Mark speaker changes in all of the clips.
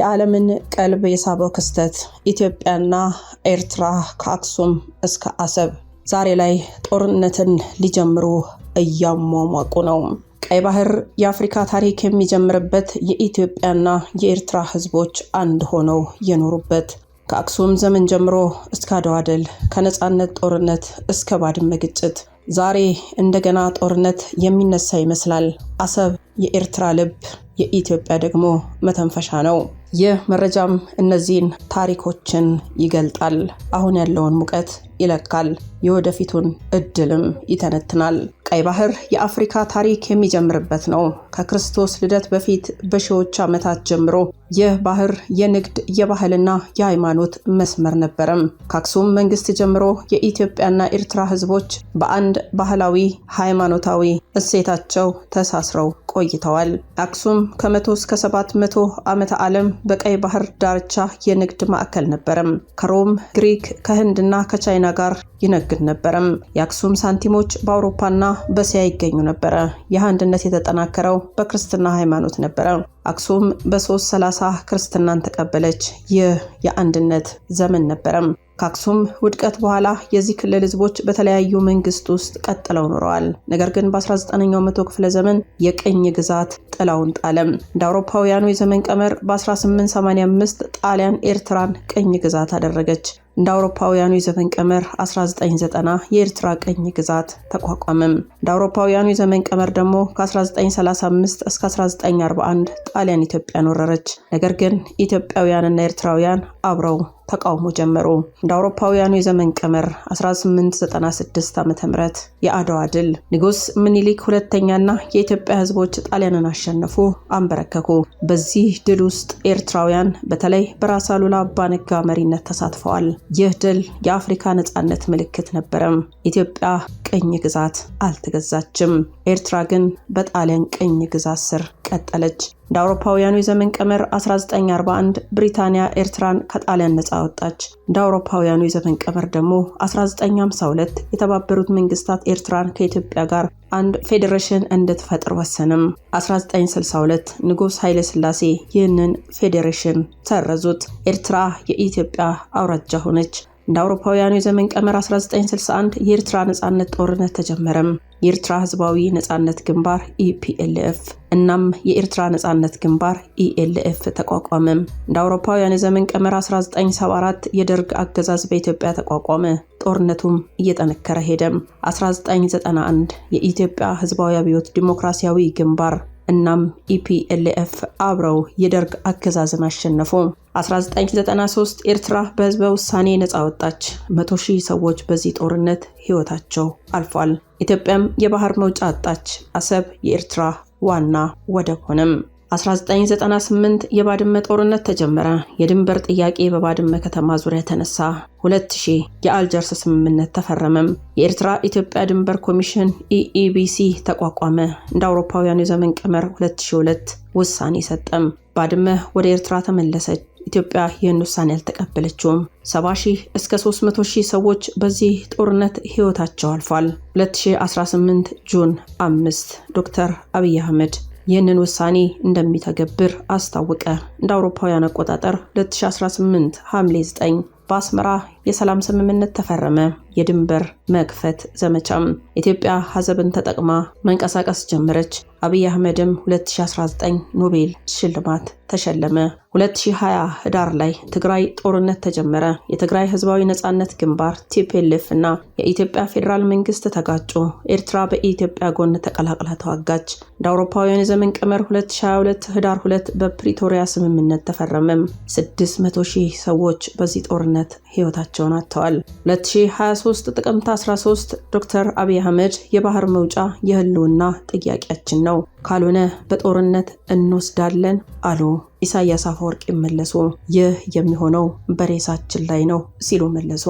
Speaker 1: የዓለምን ቀልብ የሳበው ክስተት ኢትዮጵያና ኤርትራ ከአክሱም እስከ አሰብ ዛሬ ላይ ጦርነትን ሊጀምሩ እያሟሟቁ ነው። ቀይ ባህር የአፍሪካ ታሪክ የሚጀምርበት የኢትዮጵያና የኤርትራ ህዝቦች አንድ ሆነው የኖሩበት ከአክሱም ዘመን ጀምሮ እስከ አድዋ ድል ከነፃነት ጦርነት እስከ ባድመ ግጭት ዛሬ እንደገና ጦርነት የሚነሳ ይመስላል። አሰብ የኤርትራ ልብ፣ የኢትዮጵያ ደግሞ መተንፈሻ ነው። ይህ መረጃም እነዚህን ታሪኮችን ይገልጣል። አሁን ያለውን ሙቀት ይለካል፣ የወደፊቱን እድልም ይተነትናል። ቀይ ባህር የአፍሪካ ታሪክ የሚጀምርበት ነው። ከክርስቶስ ልደት በፊት በሺዎች ዓመታት ጀምሮ ይህ ባህር የንግድ የባህልና የሃይማኖት መስመር ነበረም። ከአክሱም መንግስት ጀምሮ የኢትዮጵያና ኤርትራ ህዝቦች በአንድ ባህላዊ ሃይማኖታዊ እሴታቸው ተሳስረው ቆይተዋል። አክሱም ከመቶ እስከ ሰባት መቶ ዓመተ ዓለም በቀይ ባህር ዳርቻ የንግድ ማዕከል ነበረም። ከሮም፣ ግሪክ፣ ከህንድና ከቻይና ጋር ይነግድ ነበረም። የአክሱም ሳንቲሞች በአውሮፓና በእስያ ይገኙ ነበረ። ይህ አንድነት የተጠናከረው በክርስትና ሃይማኖት ነበረ። አክሱም በ330 ክርስትናን ተቀበለች። ይህ የአንድነት ዘመን ነበረም። ከአክሱም ውድቀት በኋላ የዚህ ክልል ህዝቦች በተለያዩ መንግስት ውስጥ ቀጥለው ኖረዋል። ነገር ግን በ19ኛው መቶ ክፍለ ዘመን የቅኝ ግዛት ጥላውን ጣለም። እንደ አውሮፓውያኑ የዘመን ቀመር በ1885 ጣሊያን ኤርትራን ቅኝ ግዛት አደረገች። እንደ አውሮፓውያኑ የዘመን ቀመር 1990 የኤርትራ ቅኝ ግዛት ተቋቋመም። እንደ አውሮፓውያኑ የዘመን ቀመር ደግሞ ከ1935 እስከ 1941 ጣሊያን ኢትዮጵያን ወረረች። ነገር ግን ኢትዮጵያውያንና ኤርትራውያን አብረው ተቃውሞ ጀመሩ። እንደ አውሮፓውያኑ የዘመን ቀመር 1896 ዓ ም የአድዋ ድል ንጉሥ ምኒሊክ ሁለተኛና የኢትዮጵያ ህዝቦች ጣሊያንን አሸነፉ፣ አንበረከኩ። በዚህ ድል ውስጥ ኤርትራውያን በተለይ በራስ አሉላ አባነጋ መሪነት ተሳትፈዋል። ይህ ድል የአፍሪካ ነፃነት ምልክት ነበረም። ኢትዮጵያ ቅኝ ግዛት አልተገዛችም። ኤርትራ ግን በጣሊያን ቅኝ ግዛት ስር ቀጠለች። እንደ አውሮፓውያኑ የዘመን ቀመር 1941 ብሪታንያ ኤርትራን ከጣሊያን ነፃ ወጣች። እንደ አውሮፓውያኑ የዘመን ቀመር ደግሞ 1952 የተባበሩት መንግስታት ኤርትራን ከኢትዮጵያ ጋር አንድ ፌዴሬሽን እንድትፈጥር ወሰንም። 1962 ንጉስ ኃይለ ስላሴ ይህንን ፌዴሬሽን ሰረዙት። ኤርትራ የኢትዮጵያ አውራጃ ሆነች። እንደ አውሮፓውያኑ የዘመን ቀመር 1961 የኤርትራ ነፃነት ጦርነት ተጀመረም። የኤርትራ ህዝባዊ ነፃነት ግንባር ኢፒኤልኤፍ እናም የኤርትራ ነፃነት ግንባር ኢኤልኤፍ ተቋቋመ። እንደ አውሮፓውያን የዘመን ቀመር 1974 የደርግ አገዛዝ በኢትዮጵያ ተቋቋመ። ጦርነቱም እየጠነከረ ሄደም። 1991 የኢትዮጵያ ህዝባዊ አብዮት ዲሞክራሲያዊ ግንባር እናም ኢፒኤልኤፍ አብረው የደርግ አገዛዝን አሸነፉ። 1993 ኤርትራ በህዝበ ውሳኔ ነፃ ወጣች። መቶ ሺህ ሰዎች በዚህ ጦርነት ህይወታቸው አልፏል። ኢትዮጵያም የባህር መውጫ አጣች። አሰብ የኤርትራ ዋና ወደብ ሆነም። 1998 የባድመ ጦርነት ተጀመረ። የድንበር ጥያቄ በባድመ ከተማ ዙሪያ ተነሳ። 2000 የአልጀርስ ስምምነት ተፈረመም። የኤርትራ ኢትዮጵያ ድንበር ኮሚሽን ኢኢቢሲ e e ተቋቋመ። እንደ አውሮፓውያኑ የዘመን ቀመር 2002 ውሳኔ ሰጠም። ባድመ ወደ ኤርትራ ተመለሰች። ኢትዮጵያ ይህን ውሳኔ አልተቀበለችውም። 70 ሺህ እስከ 300 ሺህ ሰዎች በዚህ ጦርነት ሕይወታቸው አልፏል። 2018 ጁን 5 ዶክተር አብይ አህመድ ይህንን ውሳኔ እንደሚተገብር አስታወቀ። እንደ አውሮፓውያን አቆጣጠር 2018 ሐምሌ 9 በአስመራ የሰላም ስምምነት ተፈረመ። የድንበር መክፈት ዘመቻም ኢትዮጵያ ሀዘብን ተጠቅማ መንቀሳቀስ ጀመረች። አብይ አህመድም 2019 ኖቤል ሽልማት ተሸለመ። 2020 ህዳር ላይ ትግራይ ጦርነት ተጀመረ። የትግራይ ህዝባዊ ነጻነት ግንባር ቲፒኤልኤፍ እና የኢትዮጵያ ፌዴራል መንግስት ተጋጩ። ኤርትራ በኢትዮጵያ ጎን ተቀላቅላ ተዋጋች። እንደ አውሮፓውያን የዘመን ቀመር 2022 ህዳር 2 በፕሪቶሪያ ስምምነት ተፈረመም። 600 ሺህ ሰዎች በዚህ ጦርነት ህይወታቸውን አጥተዋል። 2023 2013 ጥቅምት 13 ዶክተር አብይ አህመድ የባህር መውጫ የህልውና ጥያቄያችን ነው፣ ካልሆነ በጦርነት እንወስዳለን አሉ። ኢሳያስ አፈወርቅ ይመለሱ፣ ይህ የሚሆነው በሬሳችን ላይ ነው ሲሉ መለሱ።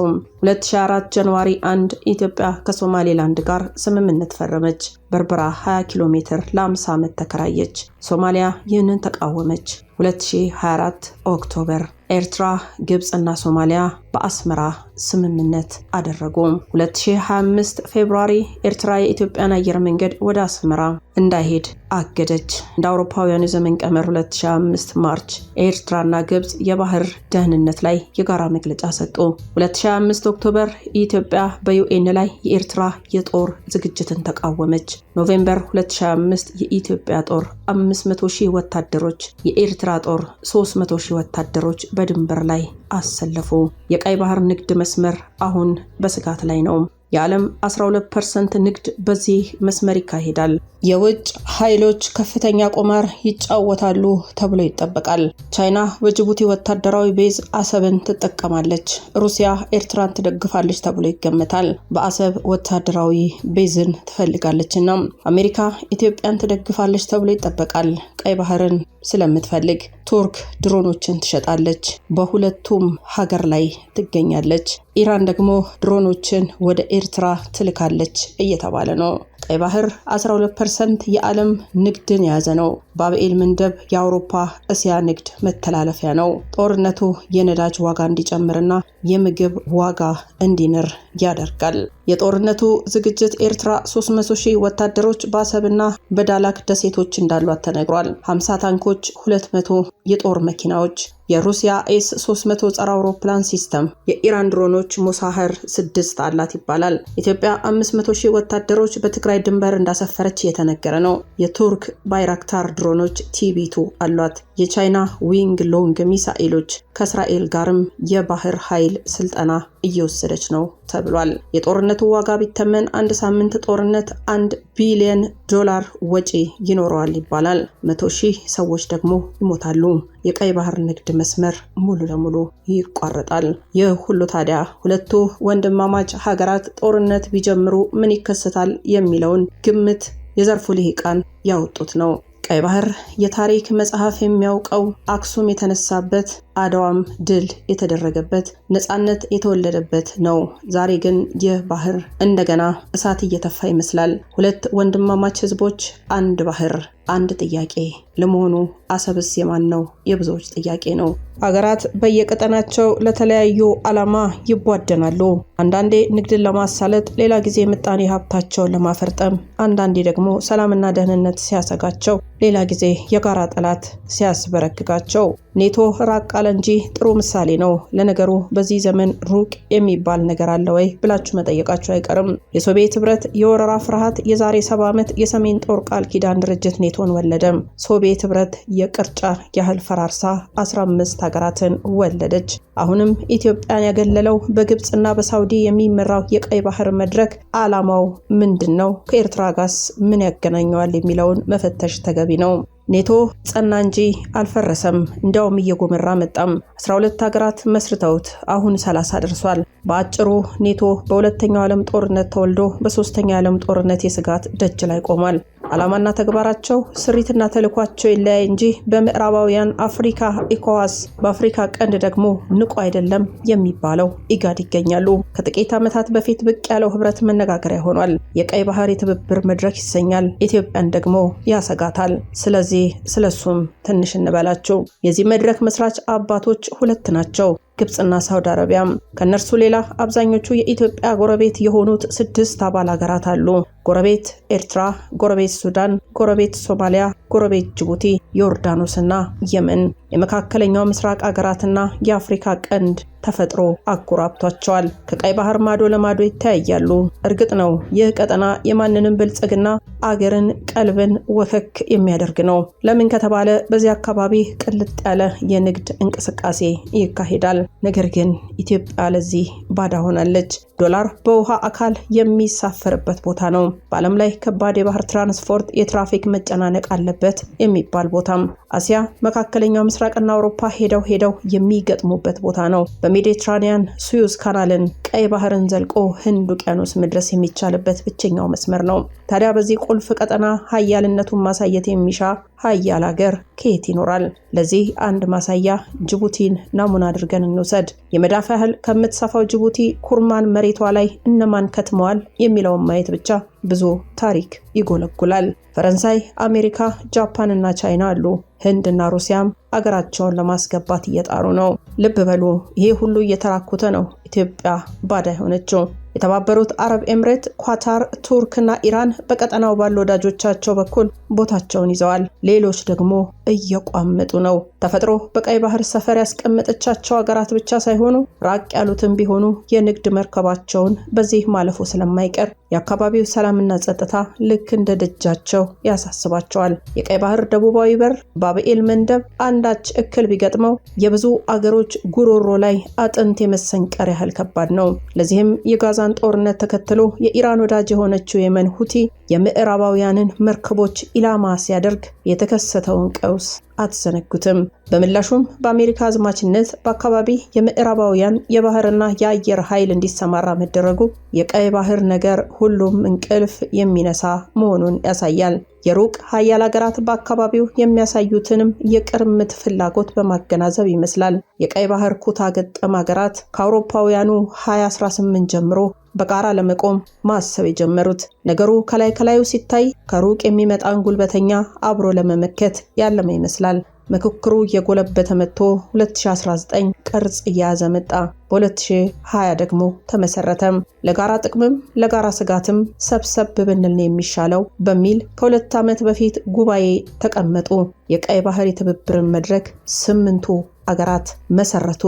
Speaker 1: 2004 ጃንዋሪ 1 ኢትዮጵያ ከሶማሌላንድ ጋር ስምምነት ፈረመች። በርበራ 20 ኪሎ ሜትር ለ50 ዓመት ተከራየች። ሶማሊያ ይህንን ተቃወመች። 2024 ኦክቶበር ኤርትራ፣ ግብፅ እና ሶማሊያ በአስመራ ስምምነት አደረጉ። 2025 ፌብሩዋሪ ኤርትራ የኢትዮጵያን አየር መንገድ ወደ አስመራ እንዳይሄድ አገደች። እንደ አውሮፓውያን የዘመን ቀመር 2025 ማርች ኤርትራና ግብፅ የባህር ደህንነት ላይ የጋራ መግለጫ ሰጡ። 2025 ኦክቶበር ኢትዮጵያ በዩኤን ላይ የኤርትራ የጦር ዝግጅትን ተቃወመች። ኖቬምበር 2025 የኢትዮጵያ ጦር 500 ሺህ ወታደሮች፣ የኤርትራ ጦር 300 ሺህ ወታደሮች በድንበር ላይ አሰለፉ። የቀይ ባህር ንግድ መስመር አሁን በስጋት ላይ ነው። የዓለም 12% ንግድ በዚህ መስመር ይካሄዳል። የውጭ ኃይሎች ከፍተኛ ቁማር ይጫወታሉ ተብሎ ይጠበቃል። ቻይና በጅቡቲ ወታደራዊ ቤዝ አሰብን ትጠቀማለች፣ ሩሲያ ኤርትራን ትደግፋለች ተብሎ ይገመታል። በአሰብ ወታደራዊ ቤዝን ትፈልጋለችና አሜሪካ ኢትዮጵያን ትደግፋለች ተብሎ ይጠበቃል። ቀይ ባህርን ስለምትፈልግ ቱርክ ድሮኖችን ትሸጣለች። በሁለቱ ፍጹም ሀገር ላይ ትገኛለች። ኢራን ደግሞ ድሮኖችን ወደ ኤርትራ ትልካለች እየተባለ ነው። ቀይ ባህር 12 ፐርሰንት የዓለም ንግድን የያዘ ነው። ባብኤል ምንደብ የአውሮፓ እስያ ንግድ መተላለፊያ ነው። ጦርነቱ የነዳጅ ዋጋ እንዲጨምርና የምግብ ዋጋ እንዲንር ያደርጋል። የጦርነቱ ዝግጅት ኤርትራ 300 ሺህ ወታደሮች በአሰብና በዳላክ ደሴቶች እንዳሏት ተነግሯል። 50 ታንኮች፣ 200 የጦር መኪናዎች የሩሲያ ኤስ 300 ጸረ አውሮፕላን ሲስተም፣ የኢራን ድሮኖች፣ ሙሳህር ስድስት አላት ይባላል። ኢትዮጵያ 500 ሺህ ወታደሮች በትግራይ ትግራይ ድንበር እንዳሰፈረች እየተነገረ ነው። የቱርክ ባይራክታር ድሮኖች ቲቢቱ አሏት። የቻይና ዊንግ ሎንግ ሚሳኤሎች ከእስራኤል ጋርም የባህር ኃይል ስልጠና እየወሰደች ነው ተብሏል። የጦርነቱ ዋጋ ቢተመን አንድ ሳምንት ጦርነት አንድ ቢሊየን ዶላር ወጪ ይኖረዋል ይባላል። መቶ ሺህ ሰዎች ደግሞ ይሞታሉ። የቀይ ባህር ንግድ መስመር ሙሉ ለሙሉ ይቋረጣል። ይህ ሁሉ ታዲያ ሁለቱ ወንድማማች ሀገራት ጦርነት ቢጀምሩ ምን ይከሰታል የሚለውን ግምት የዘርፉ ልሂቃን ያወጡት ነው። ቀይ ባህር የታሪክ መጽሐፍ የሚያውቀው አክሱም የተነሳበት አድዋም ድል የተደረገበት ነፃነት የተወለደበት ነው። ዛሬ ግን ይህ ባህር እንደገና እሳት እየተፋ ይመስላል። ሁለት ወንድማማች ህዝቦች፣ አንድ ባህር፣ አንድ ጥያቄ ለመሆኑ አሰብስ የማን ነው? የብዙዎች ጥያቄ ነው። ሀገራት በየቀጠናቸው ለተለያዩ ዓላማ ይቧደናሉ። አንዳንዴ ንግድን ለማሳለጥ፣ ሌላ ጊዜ ምጣኔ ሀብታቸውን ለማፈርጠም፣ አንዳንዴ ደግሞ ሰላምና ደህንነት ሲያሰጋቸው፣ ሌላ ጊዜ የጋራ ጠላት ሲያስበረግጋቸው ኔቶ ራቅ አለ እንጂ ጥሩ ምሳሌ ነው። ለነገሩ በዚህ ዘመን ሩቅ የሚባል ነገር አለ ወይ ብላችሁ መጠየቃችሁ አይቀርም። የሶቪየት ህብረት የወረራ ፍርሃት የዛሬ ሰባ ዓመት የሰሜን ጦር ቃል ኪዳን ድርጅት ኔቶን ወለደም። ሶቪየት በሶቪየት ህብረት የቅርጫ ያህል ፈራርሳ 15 ሀገራትን ወለደች። አሁንም ኢትዮጵያን ያገለለው በግብፅና በሳውዲ የሚመራው የቀይ ባህር መድረክ ዓላማው ምንድን ነው? ከኤርትራ ጋስ ምን ያገናኘዋል? የሚለውን መፈተሽ ተገቢ ነው። ኔቶ ጸና እንጂ አልፈረሰም። እንዲያውም እየጎመራ መጣም። 12 ሀገራት መስርተውት አሁን 30 ደርሷል። በአጭሩ ኔቶ በሁለተኛው ዓለም ጦርነት ተወልዶ በሶስተኛው ዓለም ጦርነት የስጋት ደጅ ላይ ቆሟል። ዓላማና ተግባራቸው ስሪትና ተልኳቸው ይለያይ እንጂ በምዕራባውያን አፍሪካ ኢኮዋስ በአፍሪካ ቀንድ ደግሞ ንቁ አይደለም የሚባለው ኢጋድ ይገኛሉ። ከጥቂት ዓመታት በፊት ብቅ ያለው ህብረት መነጋገሪያ ሆኗል። የቀይ ባህር የትብብር መድረክ ይሰኛል። ኢትዮጵያን ደግሞ ያሰጋታል። ስለዚህ ስለሱም ትንሽ እንበላችሁ። የዚህ መድረክ መስራች አባቶች ሁለት ናቸው። ግብፅና ሳውዲ አረቢያ። ከእነርሱ ሌላ አብዛኞቹ የኢትዮጵያ ጎረቤት የሆኑት ስድስት አባል ሀገራት አሉ። ጎረቤት ኤርትራ፣ ጎረቤት ሱዳን፣ ጎረቤት ሶማሊያ፣ ጎረቤት ጅቡቲ፣ ዮርዳኖስና የመን። የመካከለኛው ምስራቅ አገራትና የአፍሪካ ቀንድ ተፈጥሮ አኩራብቷቸዋል። ከቀይ ባህር ማዶ ለማዶ ይተያያሉ። እርግጥ ነው ይህ ቀጠና የማንንም ብልጽግና አገርን፣ ቀልብን ወከክ የሚያደርግ ነው። ለምን ከተባለ በዚህ አካባቢ ቅልጥ ያለ የንግድ እንቅስቃሴ ይካሄዳል። ነገር ግን ኢትዮጵያ ለዚህ ባዳ ሆናለች። ዶላር በውሃ አካል የሚሳፈርበት ቦታ ነው። በዓለም ላይ ከባድ የባህር ትራንስፖርት የትራፊክ መጨናነቅ አለበት የሚባል ቦታም አሲያ፣ መካከለኛው ምስራቅና አውሮፓ ሄደው ሄደው የሚገጥሙበት ቦታ ነው። በሜዲትራኒያን ሱዩዝ ካናልን ቀይ ባህርን ዘልቆ ህንድ ውቅያኖስ መድረስ የሚቻልበት ብቸኛው መስመር ነው። ታዲያ በዚህ ቁልፍ ቀጠና ሀያልነቱን ማሳየት የሚሻ ሀያል ሀገር ከየት ይኖራል? ለዚህ አንድ ማሳያ ጅቡቲን ናሙና አድርገን እንውሰድ። የመዳፍ ያህል ከምትሰፋው ጅቡቲ ኩርማን መሬቷ ላይ እነማን ከትመዋል የሚለውን ማየት ብቻ ብዙ ታሪክ ይጎለጉላል። ፈረንሳይ፣ አሜሪካ፣ ጃፓን እና ቻይና አሉ። ህንድ እና ሩሲያም አገራቸውን ለማስገባት እየጣሩ ነው። ልብ በሉ፣ ይሄ ሁሉ እየተራኮተ ነው ኢትዮጵያ ባዳ የሆነችው። የተባበሩት አረብ ኤምሬት፣ ኳታር፣ ቱርክ እና ኢራን በቀጠናው ባሉ ወዳጆቻቸው በኩል ቦታቸውን ይዘዋል። ሌሎች ደግሞ እየቋመጡ ነው። ተፈጥሮ በቀይ ባህር ሰፈር ያስቀመጠቻቸው ሀገራት ብቻ ሳይሆኑ ራቅ ያሉትም ቢሆኑ የንግድ መርከባቸውን በዚህ ማለፉ ስለማይቀር የአካባቢው ሰላምና ጸጥታ ልክ እንደ ደጃቸው ያሳስባቸዋል። የቀይ ባህር ደቡባዊ በር ባብኤል መንደብ አንዳች እክል ቢገጥመው የብዙ አገሮች ጉሮሮ ላይ አጥንት የመሰንቀር ያህል ከባድ ነው። ለዚህም የጋዛን ጦርነት ተከትሎ የኢራን ወዳጅ የሆነችው የመን ሁቲ የምዕራባውያንን መርከቦች ኢላማ ሲያደርግ የተከሰተውን ቀውስ አትዘነጉትም። በምላሹም በአሜሪካ አዝማችነት በአካባቢ የምዕራባውያን የባህርና የአየር ኃይል እንዲሰማራ መደረጉ የቀይ ባህር ነገር ሁሉም እንቅልፍ የሚነሳ መሆኑን ያሳያል። የሩቅ ሀያል ሀገራት በአካባቢው የሚያሳዩትንም የቅርምት ፍላጎት በማገናዘብ ይመስላል የቀይ ባህር ኩታ ገጠም ሀገራት ከአውሮፓውያኑ 2018 ጀምሮ በጋራ ለመቆም ማሰብ የጀመሩት። ነገሩ ከላይ ከላዩ ሲታይ ከሩቅ የሚመጣን ጉልበተኛ አብሮ ለመመከት ያለመ ይመስላል። ምክክሩ እየጎለበተ መጥቶ 2019 ቅርጽ እየያዘ መጣ። በ2020 ደግሞ ተመሰረተም። ለጋራ ጥቅምም ለጋራ ስጋትም ሰብሰብ ብንል ነው የሚሻለው በሚል ከሁለት ዓመት በፊት ጉባኤ ተቀመጡ። የቀይ ባህር የትብብርን መድረክ ስምንቱ አገራት መሰረቱ።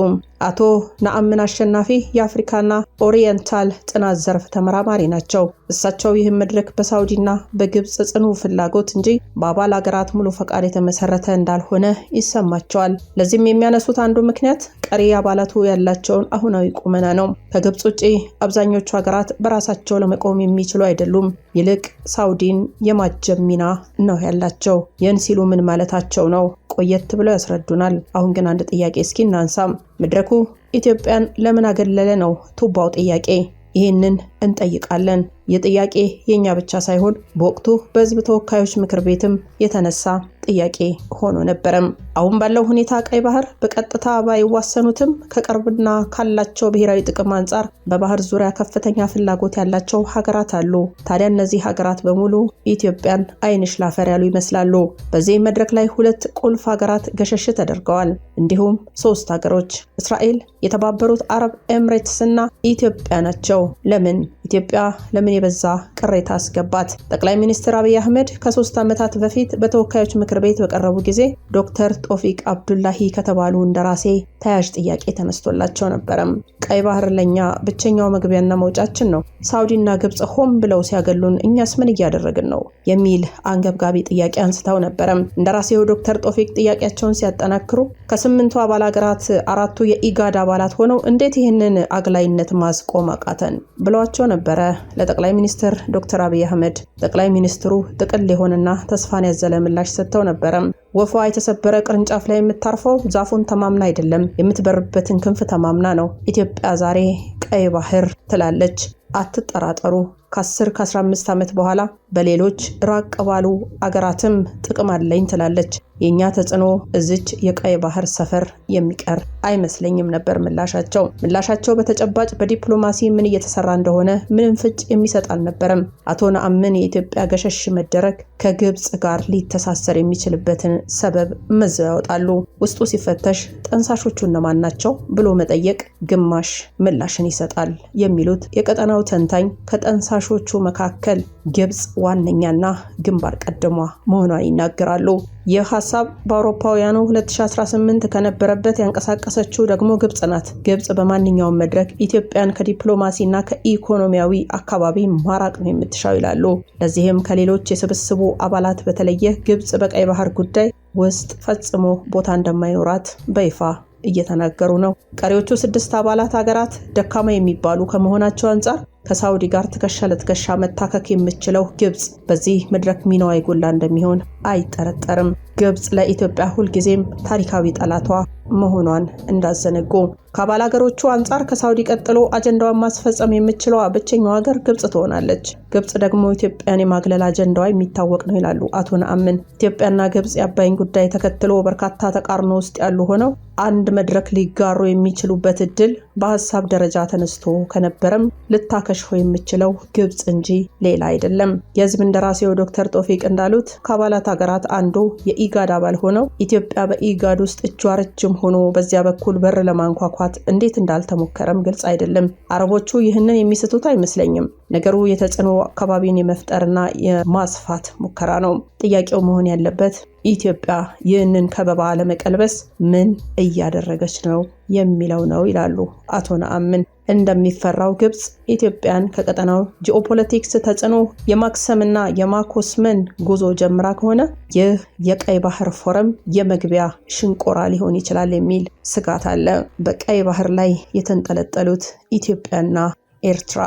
Speaker 1: አቶ ነአምን አሸናፊ የአፍሪካና ኦሪየንታል ጥናት ዘርፍ ተመራማሪ ናቸው። እሳቸው ይህን መድረክ በሳውዲና በግብፅ ጽኑ ፍላጎት እንጂ በአባል አገራት ሙሉ ፈቃድ የተመሰረተ እንዳልሆነ ይሰማቸዋል። ለዚህም የሚያነሱት አንዱ ምክንያት ቀሪ አባላቱ ያላቸውን አሁናዊ ቁመና ነው። ከግብፅ ውጪ አብዛኞቹ ሀገራት በራሳቸው ለመቆም የሚችሉ አይደሉም። ይልቅ ሳውዲን የማጀብ ሚና ነው ያላቸው። ይህን ሲሉ ምን ማለታቸው ነው? ቆየት ብለው ያስረዱናል። አሁን ግን አንድ ጥያቄ እስኪ እናንሳም። መድረኩ ኢትዮጵያን ለምን አገለለ ነው ቱባው ጥያቄ። ይህንን እንጠይቃለን። ይህ ጥያቄ የእኛ ብቻ ሳይሆን በወቅቱ በሕዝብ ተወካዮች ምክር ቤትም የተነሳ ጥያቄ ሆኖ ነበረም። አሁን ባለው ሁኔታ ቀይ ባህር በቀጥታ ባይዋሰኑትም ከቅርብና ካላቸው ብሔራዊ ጥቅም አንጻር በባህር ዙሪያ ከፍተኛ ፍላጎት ያላቸው ሀገራት አሉ። ታዲያ እነዚህ ሀገራት በሙሉ ኢትዮጵያን አይንሽ ላፈር ያሉ ይመስላሉ። በዚህ መድረክ ላይ ሁለት ቁልፍ ሀገራት ገሸሽ ተደርገዋል። እንዲሁም ሶስት ሀገሮች እስራኤል፣ የተባበሩት አረብ ኤምሬትስ እና ኢትዮጵያ ናቸው። ለምን ኢትዮጵያ ለምን የሕዝብን የበዛ ቅሬታ አስገባት። ጠቅላይ ሚኒስትር አብይ አህመድ ከሶስት ዓመታት በፊት በተወካዮች ምክር ቤት በቀረቡ ጊዜ ዶክተር ጦፊቅ አብዱላሂ ከተባሉ እንደራሴ ተያያዥ ጥያቄ ተነስቶላቸው ነበረም። ቀይ ባህር ለኛ ብቸኛው መግቢያና መውጫችን ነው፣ ሳውዲና ግብፅ ሆም ብለው ሲያገሉን እኛስ ምን እያደረግን ነው? የሚል አንገብጋቢ ጥያቄ አንስተው ነበረም። እንደራሴው ዶክተር ጦፊቅ ጥያቄያቸውን ሲያጠናክሩ ከስምንቱ አባል ሀገራት አራቱ የኢጋድ አባላት ሆነው እንዴት ይህንን አግላይነት ማስቆም አቃተን ብለዋቸው ነበረ ለጠቅላይ ጠቅላይ ሚኒስትር ዶክተር አብይ አህመድ ጠቅላይ ሚኒስትሩ ጥቅል የሆነና ተስፋን ያዘለ ምላሽ ሰጥተው ነበረ። ወፏ የተሰበረ ቅርንጫፍ ላይ የምታርፈው ዛፉን ተማምና አይደለም፣ የምትበርበትን ክንፍ ተማምና ነው። ኢትዮጵያ ዛሬ ቀይ ባህር ትላለች። አትጠራጠሩ። ከ10 ከ15 ዓመት በኋላ በሌሎች ራቅ ባሉ አገራትም ጥቅም አለኝ ትላለች። የእኛ ተጽዕኖ እዚች የቀይ ባህር ሰፈር የሚቀር አይመስለኝም ነበር ምላሻቸው። ምላሻቸው በተጨባጭ በዲፕሎማሲ ምን እየተሰራ እንደሆነ ምንም ፍንጭ የሚሰጥ አልነበረም። አቶ ነአምን የኢትዮጵያ ገሸሽ መደረግ ከግብፅ ጋር ሊተሳሰር የሚችልበትን ሰበብ መዘው ያወጣሉ። ውስጡ ሲፈተሽ ጠንሳሾቹ እነማን ናቸው ብሎ መጠየቅ ግማሽ ምላሽን ይሰጣል የሚሉት የቀጠናው ተንታኝ ከጠንሳሾቹ መካከል ግብፅ ዋነኛና ግንባር ቀደሟ መሆኗን ይናገራሉ። ይህ ሀሳብ በአውሮፓውያኑ 2018 ከነበረበት ያንቀሳቀሰችው ደግሞ ግብጽ ናት። ግብጽ በማንኛውም መድረክ ኢትዮጵያን ከዲፕሎማሲና ከኢኮኖሚያዊ አካባቢ ማራቅ ነው የምትሻው ይላሉ። ለዚህም ከሌሎች የስብስቡ አባላት በተለየ ግብጽ በቀይ ባህር ጉዳይ ውስጥ ፈጽሞ ቦታ እንደማይኖራት በይፋ እየተናገሩ ነው። ቀሪዎቹ ስድስት አባላት ሀገራት ደካማ የሚባሉ ከመሆናቸው አንጻር ከሳውዲ ጋር ትከሻ ለትከሻ መታከክ የምትችለው ግብፅ በዚህ መድረክ ሚናዋ የጎላ እንደሚሆን አይጠረጠርም። ግብፅ ለኢትዮጵያ ሁልጊዜም ታሪካዊ ጠላቷ መሆኗን እንዳዘነጉ ከአባል ሀገሮቹ አንጻር ከሳውዲ ቀጥሎ አጀንዳዋን ማስፈጸም የምችለዋ ብቸኛው ሀገር ግብጽ ትሆናለች። ግብጽ ደግሞ ኢትዮጵያን የማግለል አጀንዳዋ የሚታወቅ ነው ይላሉ አቶ ነአምን። ኢትዮጵያና ግብጽ የአባይን ጉዳይ ተከትሎ በርካታ ተቃርኖ ውስጥ ያሉ ሆነው አንድ መድረክ ሊጋሩ የሚችሉበት እድል በሀሳብ ደረጃ ተነስቶ ከነበረም ልታከሽፎ የምችለው ግብጽ እንጂ ሌላ አይደለም። የህዝብ እንደራሴው ዶክተር ጦፊቅ እንዳሉት ከአባላት ሀገራት አንዱ የኢጋድ አባል ሆነው ኢትዮጵያ በኢጋድ ውስጥ እጇ ረጅም ሆኖ በዚያ በኩል በር ለማንኳኳ ለማጥፋት እንዴት እንዳልተሞከረም ግልጽ አይደለም። አረቦቹ ይህንን የሚስቱት አይመስለኝም። ነገሩ የተጽዕኖ አካባቢን የመፍጠርና የማስፋት ሙከራ ነው። ጥያቄው መሆን ያለበት ኢትዮጵያ ይህንን ከበባ ለመቀልበስ ምን እያደረገች ነው የሚለው ነው ይላሉ አቶ ነአምን። እንደሚፈራው ግብፅ ኢትዮጵያን ከቀጠናው ጂኦፖለቲክስ ተጽዕኖ የማክሰምና የማኮስመን ጉዞ ጀምራ ከሆነ ይህ የቀይ ባህር ፎረም የመግቢያ ሽንቆራ ሊሆን ይችላል የሚል ስጋት አለ። በቀይ ባህር ላይ የተንጠለጠሉት ኢትዮጵያና ኤርትራ